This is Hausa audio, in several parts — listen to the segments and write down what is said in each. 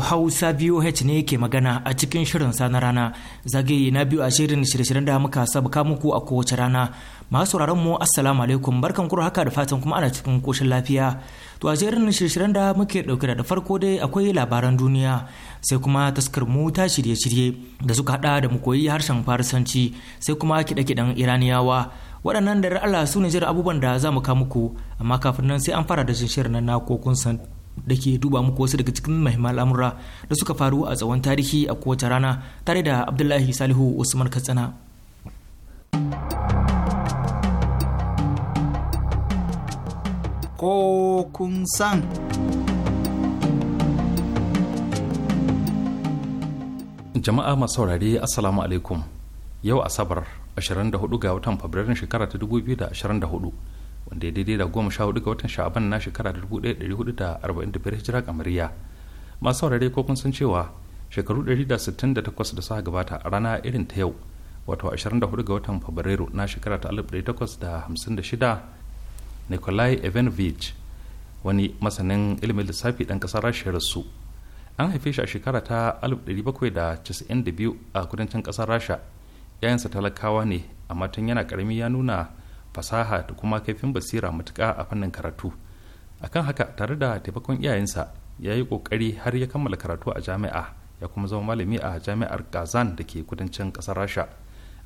Hausa VOH ne ke magana a cikin shirin sa na rana zagaye na biyu a shirin shirye-shiryen da muka sabuka muku a kowace rana. Masu sauraron mu assalamu alaikum barkan kuro haka da fatan kuma ana cikin koshin lafiya. To a shirin shirye-shiryen da muke dauke da farko dai akwai labaran duniya sai kuma taskar mu ta shirye-shirye da suka hada da mu koyi harshen Farisanci sai kuma kiɗe-kiɗen Iraniyawa. waɗannan da Allah su ne jira abubuwan da za mu kawo muku amma kafin nan sai an fara da shirin na ko kun san da ke duba muku wasu daga cikin mahimman al'amura da suka faru a tsawon tarihi a kowace rana tare da abdullahi salihu usman katsina ko kun san jama'a masu saurare assalamu alaikum yau asabar 24 ga watan fabrairun shekara ta 2024 wanda ya daidai da goma sha hudu ga watan sha'aban na shekara da dubu ɗaya ɗari hudu da arba'in da biyar hijira kamariya masu saurare ko kun san cewa shekaru ɗari da sittin da takwas da suka gabata a rana irin ta yau wato ashirin da hudu ga watan fabrairu na shekara ta alif ɗari takwas da da hamsin shida. nikolai evanovich wani masanin ilimin lissafi ɗan ƙasar rasha rasu an haife shi a shekara ta alif ɗari bakwai da da biyu a kudancin ƙasar rasha yayansa talakawa ne amma tun yana ƙarami ya nuna fasaha da kuma kaifin basira matuka a fannin karatu akan haka tare da taimakon iyayensa ya yi ƙoƙari har ya kammala karatu a jami'a ya kuma zama malami a jami'ar kazan da ke kudancin ƙasar rasha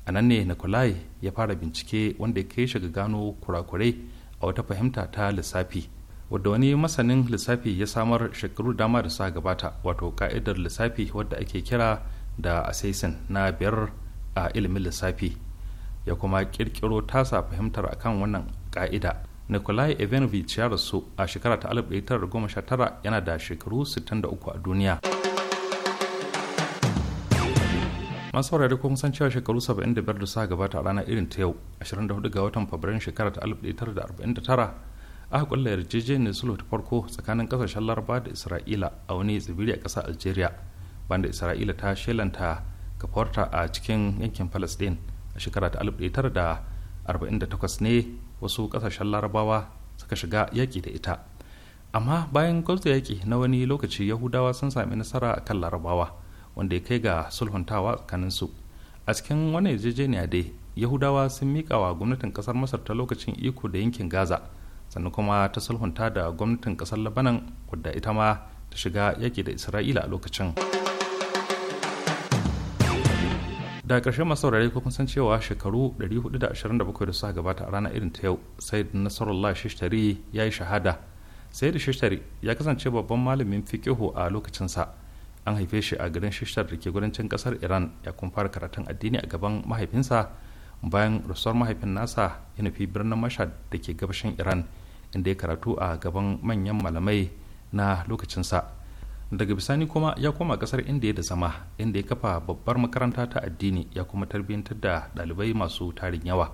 a nan ne nikolai ya fara bincike wanda ya kai shi ga gano kurakurai a wata fahimta ta lissafi wadda wani masanin lissafi ya samar shekaru dama da sa gabata wato ka'idar lissafi wadda ake kira da assassin na biyar a ilimin lissafi ya kuma kirkiro tasa fahimtar akan wannan ka'ida nikolai evanovich ya rasu a shekara ta 1919 yana da shekaru 63 a duniya masu da kuma san cewa shekaru 75 da suka gabata a ranar irin ta yau 24 ga watan fabrairun shekara ta 1949 aka kulla yarjejeniyar sulhu ta farko tsakanin kasashen laraba da isra'ila a wani tsibiri a ƙasar algeria banda isra'ila ta shelanta kafarta a cikin yankin palestine a shekara ta 1948 ne wasu kasashen larabawa suka shiga yaƙi da ita amma bayan gwamnati yaƙi na wani lokaci yahudawa sun sami nasara a kan larabawa wanda ya kai ga sulhuntawa tsakaninsu a cikin wani yarjejeniya dai yahudawa sun miƙa wa gwamnatin ƙasar masar ta lokacin iko da yankin gaza sannan kuma ta sulhunta da gwamnatin ƙasar labanan wadda ita ma ta shiga yaƙi da isra'ila a lokacin. da ƙarshe masu saurare ko kun san cewa shekaru 427 da suka gabata a rana irin ta yau sai da nasarullah shishtari ya yi shahada sai da shishtari ya kasance babban malamin fikihu a lokacinsa an haife shi a garin shishtar da ke gudancin kasar iran ya kuma fara karatun addini a gaban mahaifinsa bayan rasuwar mahaifin nasa ya nufi birnin mashad da ke gabashin iran inda ya karatu a gaban manyan malamai na lokacinsa daga bisani kuma ya koma kasar indiya da zama inda ya kafa babbar makaranta ta addini ya kuma tarbiyyantar da dalibai masu tarin yawa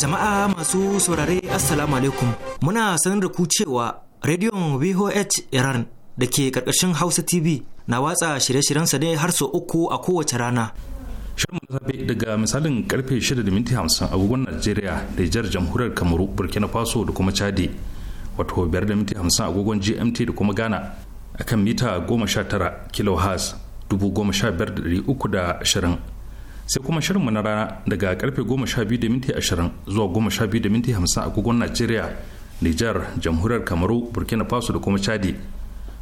jama'a masu saurare assalamu alaikum muna sanar da ku cewa rediyon vhh iran da ke karkashin Hausa TV na watsa shirye-shiryensa ne har sau uku a kowace rana. Shirin safe daga misalin karfe 6:50 agogon Najeriya da jihar jamhuriyar Kamaru, Burkina Faso da kuma Chadi, wato 5:50 agogon GMT da kuma Ghana akan mita 19 kHz 15320. Sai kuma shirinmu na rana daga karfe 12:20 zuwa 12:50 kogon Najeriya, Nijar, jamhuriyar Kamaru, Burkina Faso da kuma Chadi.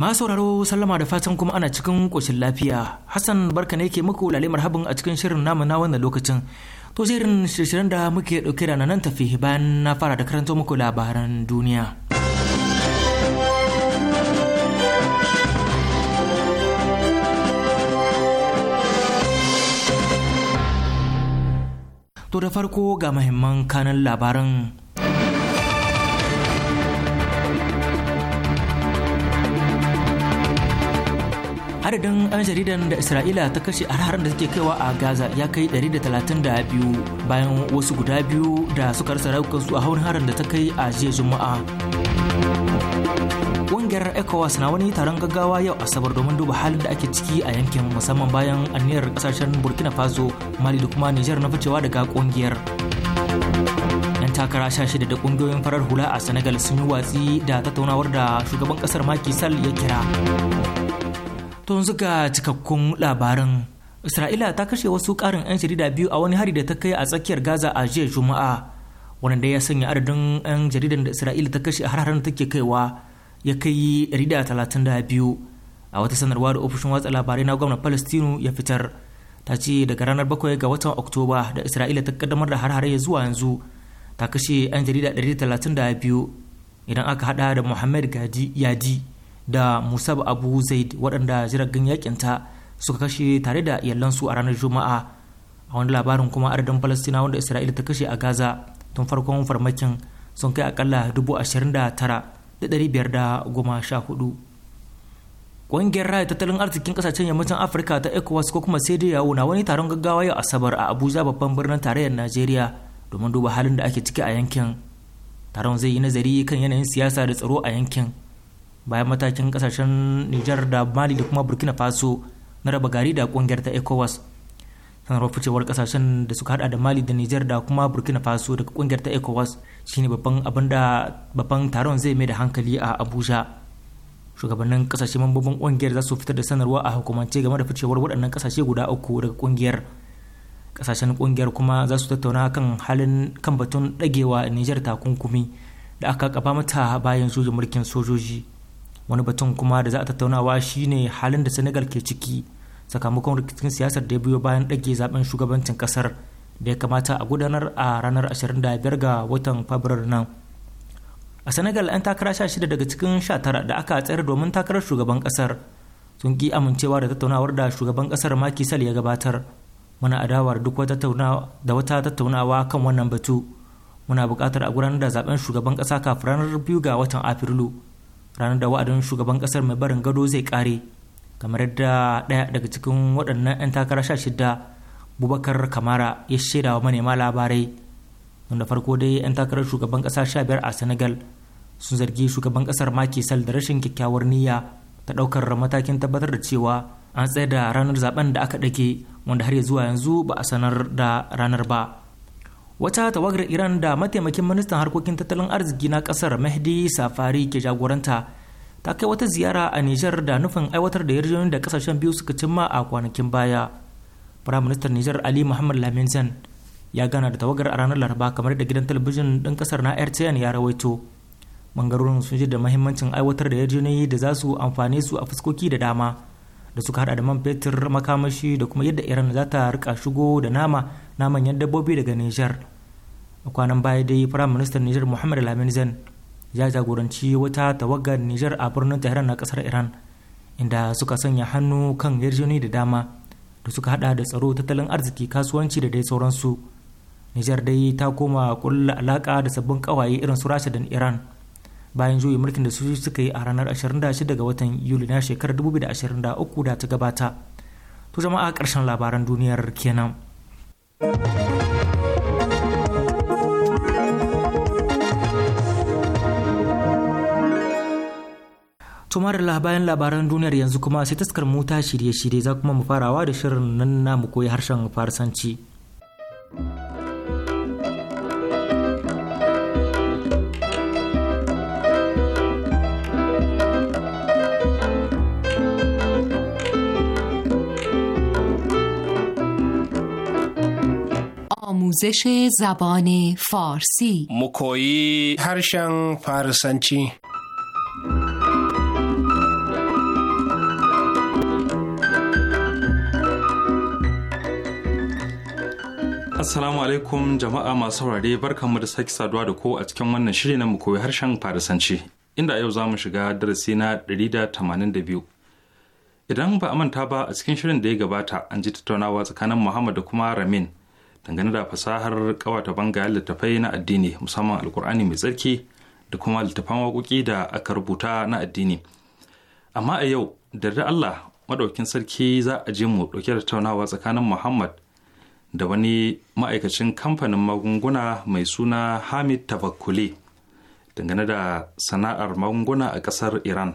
Masu sauraro sallama da fatan kuma ana cikin ƙoshin lafiya. Hassan barka ne ke muku lalle habin a cikin shirin namu na wannan lokacin. To shirin shirin da muke ɗauke da nan tafi bayan na fara da karanto muku labaran duniya. To da farko ga mahimman kanan labaran adadin 'yan jaridan da isra'ila ta kashe a harin da take kaiwa a gaza ya kai 132 bayan wasu guda biyu da suka rasa rayukansu a haurin harin da ta kai a jiya juma'a ƙungiyar ecowas na wani taron gaggawa yau asabar domin duba halin da ake ciki a yankin musamman bayan anniyar kasashen burkina faso mali da kuma niger na ficewa daga ƙungiyar yan takara sha shida da ƙungiyoyin farar hula a senegal sun yi watsi da tattaunawar da shugaban ƙasar maki sal ya kira To yanzu cikakkun labarin. Isra'ila ta kashe wasu ƙarin 'yan jarida biyu a wani hari da ta kai a tsakiyar Gaza a jiya Juma'a, wanda ya sanya adadin 'yan jaridan da Isra'ila ta kashe a har take kaiwa ya kai 132. A wata sanarwa da ofishin watsa labarai na gwamnatin Palestinu ya fitar, ta ce daga ranar bakwai ga watan Oktoba da Isra'ila ta kaddamar da harhare zuwa yanzu ta kashe 'yan jarida 132 idan aka hada da Muhammad Gadi Yadi. da musab abu zaid waɗanda jiragen yakin ta suka kashe tare da iyalansu a ranar juma'a a wani labarin kuma adadin palestina wanda isra'ila ta kashe a gaza tun farkon farmakin sun kai akalla dubu ashirin da tara da ɗari biyar da goma sha hudu ƙungiyar raya tattalin arzikin ƙasashen yammacin afirka ta ecowas ko kuma sai yawo na wani taron gaggawa yau asabar a abuja babban birnin tarayyar najeriya domin duba halin da ake ciki a yankin taron zai yi nazari kan yanayin siyasa da tsaro a yankin bayan matakin kasashen nijar da mali da kuma burkina faso na raba gari da kungiyar ta ecowas sanarwar ficewar kasashen da suka hada da mali da nijar da kuma burkina faso daga kungiyar ta ecowas shine babban abin da babban taron zai mai da hankali a abuja shugabannin kasashe mambobin kungiyar za su fitar da sanarwa a hukumance game da ficewar waɗannan kasashe guda uku daga kungiyar kasashen kungiyar kuma za su tattauna kan halin kan batun dagewa nijar takunkumi da aka kaba mata bayan sojin mulkin sojoji wani batun kuma da za a tattaunawa shine halin da senegal ke ciki sakamakon rikicin siyasar da ya biyo bayan ɗage zaben shugabancin kasar da ya kamata a gudanar a ranar 25 ga watan fabrairu nan a senegal 'yan takara 16 daga cikin 19 da aka tsayar domin takarar shugaban kasar sun ki amincewa da tattaunawar da shugaban kasar Macky Sall ya gabatar muna adawar duk wata da wata tattaunawa kan wannan batu muna bukatar a gudanar da zaben shugaban kasa kafin ranar biyu ga watan afrilu ranar da wa'adin shugaban kasar mai barin gado zai kare kamar yadda ɗaya daga cikin waɗannan 'yan takara sha shida bubakar kamara ya shaida wa manema labarai wanda farko dai 'yan takarar shugaban ƙasa sha biyar a senegal sun zargi shugaban ƙasar maki sal da rashin kyakkyawar niyya ta ɗaukar matakin tabbatar da cewa an tsaye da ranar zaben da aka ɗage wanda har ya zuwa yanzu ba a sanar da ranar ba wata tawagar iran da mataimakin ministan harkokin tattalin arziki na kasar mahdi safari ke jagoranta ta kai wata ziyara a nijar da nufin aiwatar da yarjejeniyar da kasashen biyu suka cimma a kwanakin baya ministan nijar ali muhammad lamin ya gana da tawagar a ranar laraba kamar da gidan talabijin ɗin kasar na rtn ya rawaito bangarorin sun ji da mahimmancin aiwatar da yarjejeniyoyi da za su amfane su a fuskoki da dama da suka hada da man fetur makamashi da kuma yadda iran za ta rika shigo da nama na manyan dabbobi daga niger a kwanan baya dai firayim ministan niger muhammad lamin zan ya jagoranci wata tawagar niger a birnin tehran na kasar iran inda suka sanya hannu kan yarjejeni da dama da suka hada da tsaro tattalin arziki kasuwanci da dai sauransu niger dai ta koma kulla alaka da sabbin kawaye irin su rasha da iran bayan juyi mulkin da su suka yi a ranar 26 ga watan yuli na shekarar 2023 da ta gabata to jama'a ƙarshen labaran duniyar kenan da bayan labaran duniyar yanzu kuma sai taskar mota shirye-shirye za kuma mu farawa da shirin nan namu koyi harshen farsanci. آموزش زبان فارسی مکویی هرشن فارسنچی Assalamu alaikum jama'a masu saurare barkanmu da sake saduwa da ko a cikin wannan shiri na koyi harshen Farisanci inda yau za mu shiga darasi na 182. Idan ba a manta ba a cikin shirin da ya gabata an ji tattaunawa tsakanin Muhammad da kuma Ramin dangane da fasahar kawata banga littafai na addini musamman alkur'ani mai tsarki da kuma littattafan waƙoƙi da aka rubuta na addini amma a yau da da allah madaukin sarki za a je mu ɗauke da taunawa tsakanin muhammad da wani ma'aikacin kamfanin magunguna mai suna hamid tabakkule dangane da sana'ar magunguna a ƙasar iran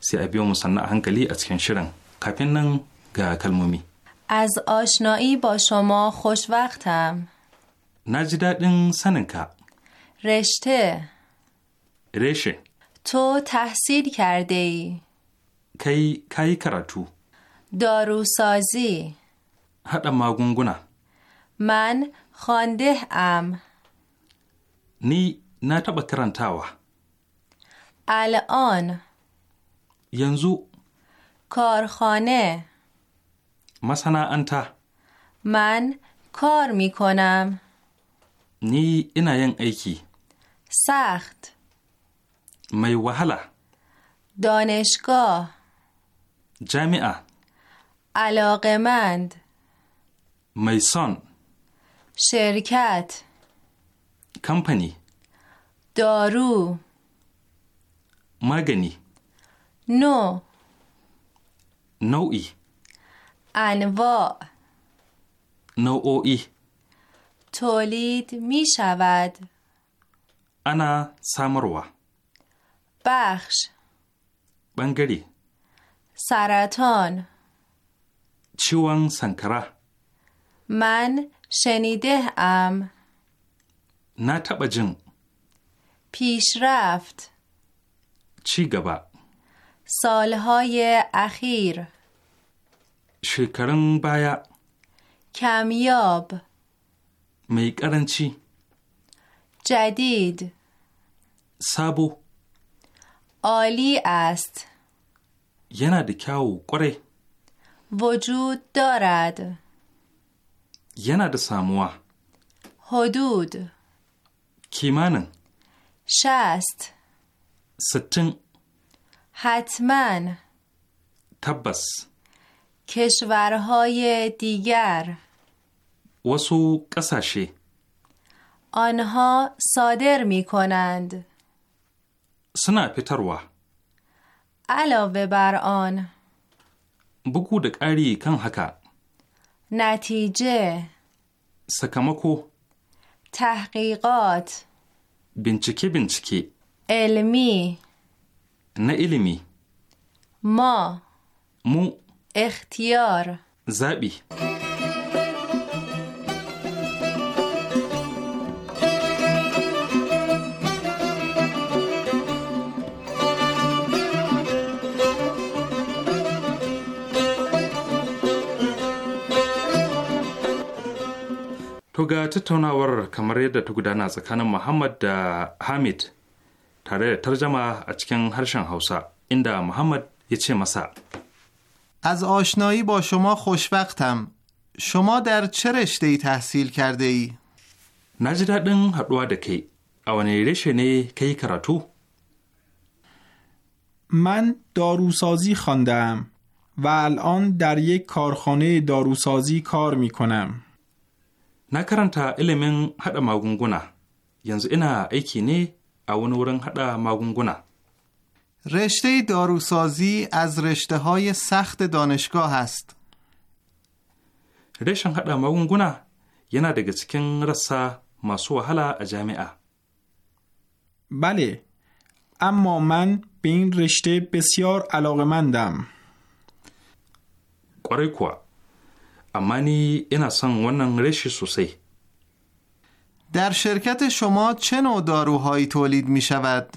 sai a biyo mu sannan a hankali a cikin shirin kafin nan ga kalmomi. از آشنایی با شما خوشوقتم نجدت این سننکا رشته رشه تو تحصیل کرده ای کی کی کراتو داروسازی هدا ماگونگونا من خانده ام نی نتبا کرانتاوه الان ینزو کارخانه انت من کار می کنم نی اینا ین ایکی سخت می وحلا دانشگاه جامعه مند میسان شرکت کمپنی دارو مگنی نو نوی انواع نوعی تولید می شود انا سمروا بخش بنگری سرطان چوان سنکرا من شنیده ام نه جن پیشرفت چی گبا سالهای اخیر Shekaran baya. Kamiyob. Mai ƙaranci. Jadid. Sabo. Ali ast. Yana da kyawu kwarai. Wujud darad. Yana da samuwa. Hudud. Kimanin. Shast. Sittin. Hatman. Tabbas. کشورهای دیگر وسو قساشی آنها صادر می کنند سنا پتروا علاوه بر آن بگو دکاری کن هکا نتیجه سکمکو تحقیقات بینچکی بینچکی علمی نه علمی ما مو اختیار زبی To ga tattaunawar kamar yadda ta gudana tsakanin Muhammad da Hamid tare da tarjama a cikin harshen Hausa, inda Muhammad ya ce masa. از آشنایی با شما خوشوقتم شما در چه رشته ای تحصیل کرده ای؟ نجی دادن دکی اوانی رشه نه کی کراتو من داروسازی خاندم و الان در یک کارخانه داروسازی کار می کنم. نکرانتا تا haɗa magunguna yanzu ینز اینا ایکی نه اوانورن wurin haɗa رشته داروسازی از رشته های سخت دانشگاه است. رشن هدا magunguna ینا daga چکن رسا ماسو wahala a بله اما من به این رشته بسیار علاقه مندم. kwarai کوا، اما نی ina son ونن در شرکت شما چه نوع داروهایی تولید می شود؟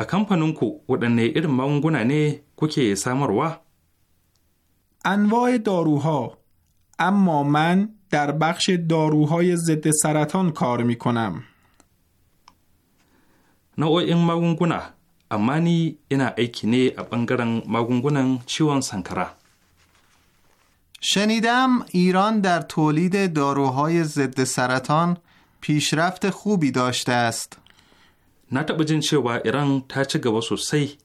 a kamfaninku waɗanne irin magunguna ne kuke samarwa? انواع داروها اما من در بخش داروهای ضد سرطان کار می کنم. نوع ماگونگونا اما نی اینا ایکی نه ا بنگرن ماگونگونن چیوان سانکارا شنیدم ایران در تولید داروهای ضد سرطان پیشرفت خوبی داشته است. na taɓa jin cewa iran ta ci gaba sosai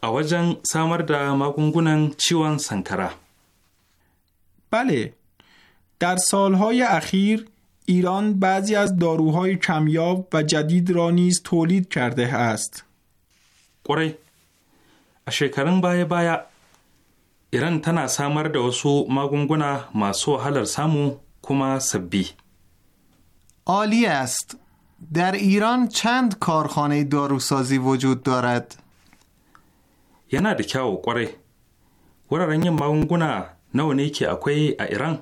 a wajen samar da magungunan ciwon sankara بله در سالهای اخیر ایران بعضی از داروهای کمیاب و جدید را نیز تولید کرده است. قره شکرن بای بایا ایران تنا سامر دا وسو ماگونگونا ماسو هلر سامو کما سبی. عالی است. در ایران چند کارخانه داروسازی وجود دارد؟ یه در که قره وره رنگ ماونگونا نوانه که اکوی ایران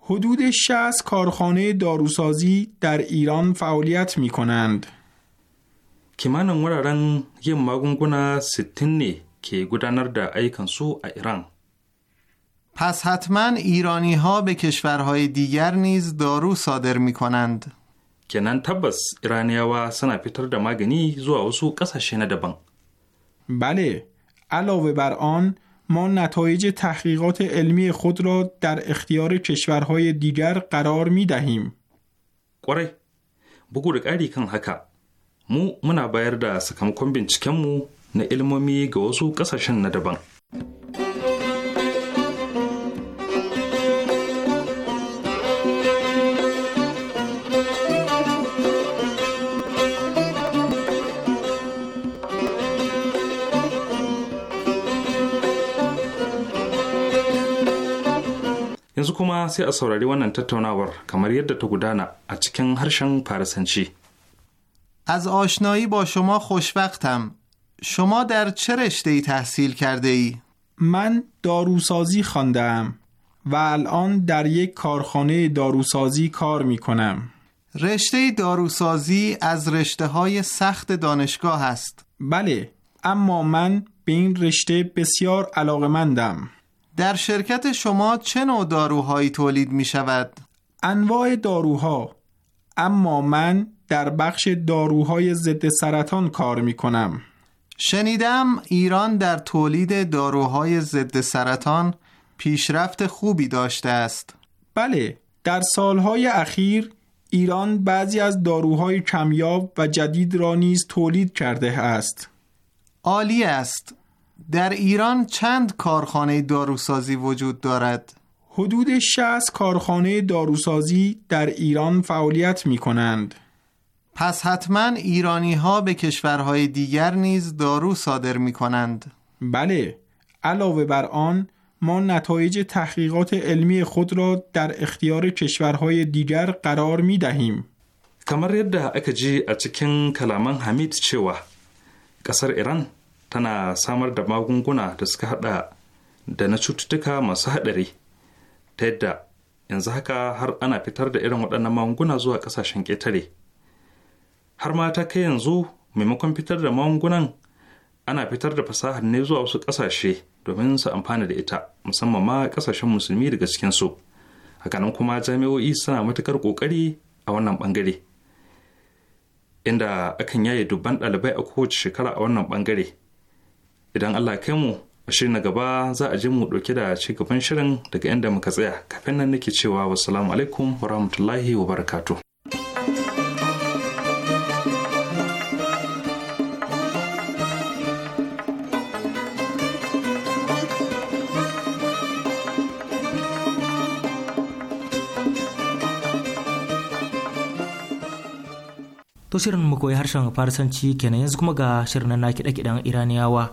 حدود 60 کارخانه داروسازی در ایران فعالیت می کنند. که من اون رنگ یه مگونگونا ستنی که گودانر در ایران. پس حتما ایرانی ها به کشورهای دیگر نیز دارو صادر می کنند. kenan tabbas iraniyawa suna fitar da magani zuwa wasu ƙasashe بله علاوه بر آن ما نتایج تحقیقات علمی خود را در اختیار کشورهای دیگر قرار می دهیم. بگو رکاری کن حکا مو منا بایر دا سکم کن بینچکم مو نه علمومی گوزو کساشن ندبان. yanzu kuma sai a saurari wannan tattaunawar kamar از آشنایی با شما خوشوقتم شما در چه رشته ای تحصیل کرده ای؟ من داروسازی خاندم. و الان در یک کارخانه داروسازی کار می کنم. رشته داروسازی از رشته های سخت دانشگاه است. بله، اما من به این رشته بسیار علاقمندم. در شرکت شما چه نوع داروهایی تولید می شود؟ انواع داروها اما من در بخش داروهای ضد سرطان کار می کنم شنیدم ایران در تولید داروهای ضد سرطان پیشرفت خوبی داشته است بله در سالهای اخیر ایران بعضی از داروهای کمیاب و جدید را نیز تولید کرده است عالی است در ایران چند کارخانه داروسازی وجود دارد؟ حدود 60 کارخانه داروسازی در ایران فعالیت می کنند. پس حتما ایرانی ها به کشورهای دیگر نیز دارو صادر می کنند. بله، علاوه بر آن ما نتایج تحقیقات علمی خود را در اختیار کشورهای دیگر قرار می دهیم. کمر یده اکجی اچکن کلامان ایران؟ tana samar da magunguna da suka hada da na cututtuka masu haɗari ta yadda yanzu haka har ana fitar da irin waɗannan magunguna zuwa ƙasashen ƙetare har ma ta kai yanzu maimakon fitar da magungunan ana fitar da fasahar ne zuwa wasu ƙasashe domin su amfana da ita musamman ma ƙasashen musulmi daga cikin cikinsu hakanan kuma jami'o'i suna matukar ƙoƙari a wannan ɓangare inda akan yaye dubban ɗalibai a kowace shekara a wannan ɓangare idan allah kai mu a shirin na gaba za a ji mu dauke da ci gaban shirin daga inda muka tsaya kafin nan nake cewa wassalamu alaikum wa wabarakatuh To shirin mu koyi harshen Farsanci kenan yanzu kuma ga shirin na kiɗa kiɗen Iraniyawa.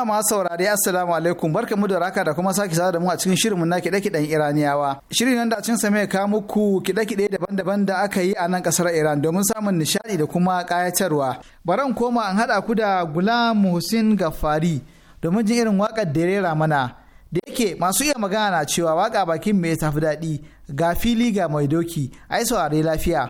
jama'a saurari assalamu alaikum barka mu da raka da kuma sake sada da mu a cikin shirinmu na kiɗe-kiɗen iraniyawa shirin nan da a sa mai kawo muku kiɗe-kiɗe daban-daban da aka yi a nan ƙasar iran domin samun nishaɗi da kuma ƙayatarwa baran koma an haɗa ku da gulam hussein gafari domin jin irin waƙar da rera mana da yake masu iya magana na cewa waka bakin mai tafi daɗi ga fili ga mai doki ai saurari lafiya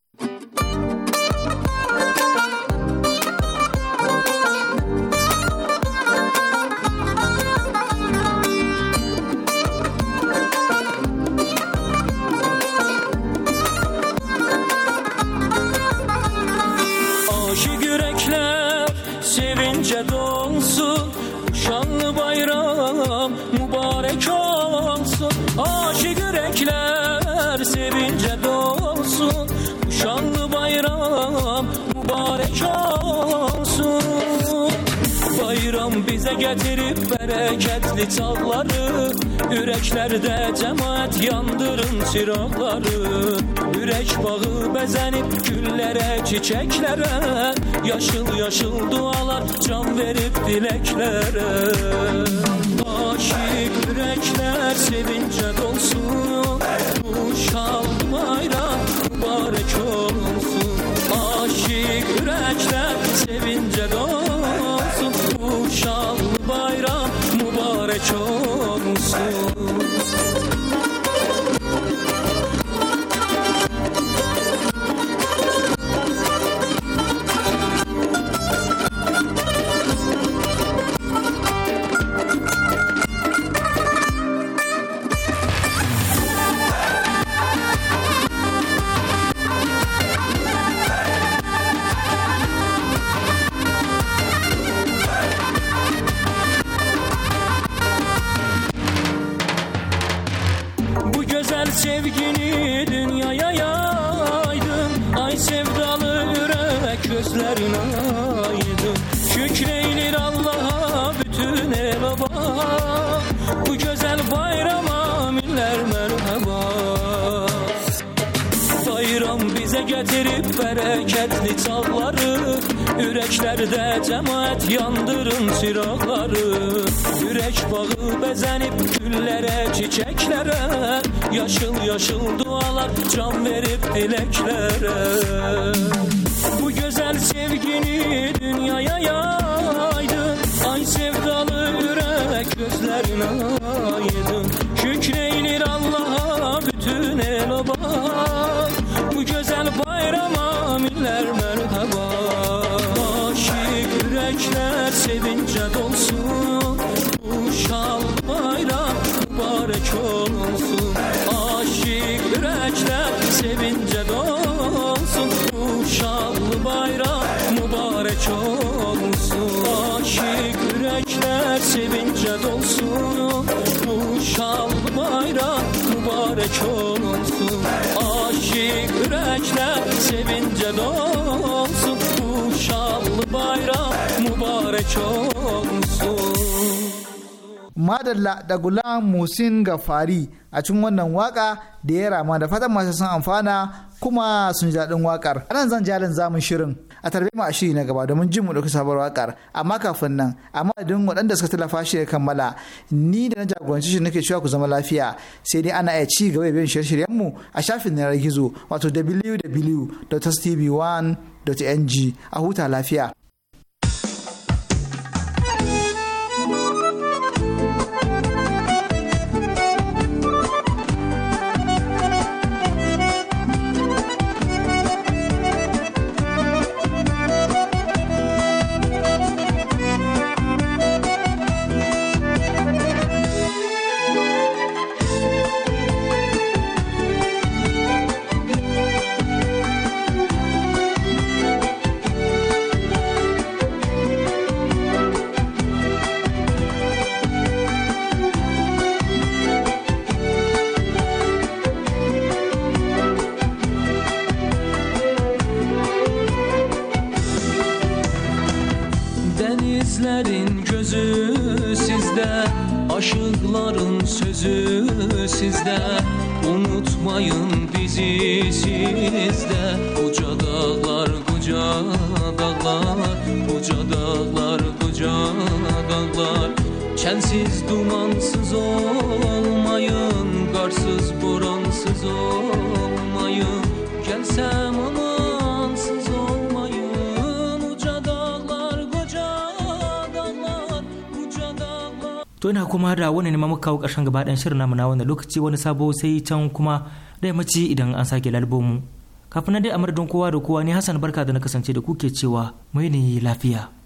getirip bereketli tağları Yüreklerde cemaat yandırın çırakları Yürek bağı bezenip güllere çiçeklere Yaşıl yaşıl dualar can verip dileklere Aşık yürekler sevince dolsun Bu şal bayram mübarek olsun Aşık yürekler sevince dolsun Bu şal choro, um sevgini dünyaya yaydın Ay sevdalı yürek gözlerin aydın Şükreylir Allah'a bütün elaba Bu güzel bayrama minler merhaba Bayram bize getirip bereketli çallar Yüreklerde cemaat yandırın çıraqları Yürek bağı bezenip güllere çiçeklere Yaşıl yaşıl dualar can verip eleklere Bu güzel sevgini dünyaya yaydı Ay sevdalı yürek gözlerine aydın nice dolsun Bu şal bayram mübarek olsun Aşık yürekler sevince dolsun Bu şal bayram mübarek olsun Aşık yürekler sevince dolsun Bu şal bayram mübarek olsun Aşık yürekler sevince dolsun Bu şal bayram mübarek olsun madalla da gulam musin gafari a cikin wannan waka da ya rama da fatan masu sun amfana kuma sun ji daɗin wakar anan zan jalin zamun shirin a tarbe mu a shiri na gaba domin jin mu ɗauki sabuwar wakar amma kafin nan a idan waɗanda suka tallafa shi ya kammala ni da na jagoranci shi nake cewa ku zama lafiya sai dai ana iya ci gaba da bin shirye-shiryen mu a shafin yanar gizo wato www.tv1.ng a huta lafiya ina kuma da wani neman muka kawo ƙarshen gaba ɗan shirin namu na wannan lokaci wani sabo sai can kuma da mace idan an sake lalbomu Kafin na dai a madadin kowa da kowa ne Hassan barka da na kasance da kuke cewa mai ne lafiya.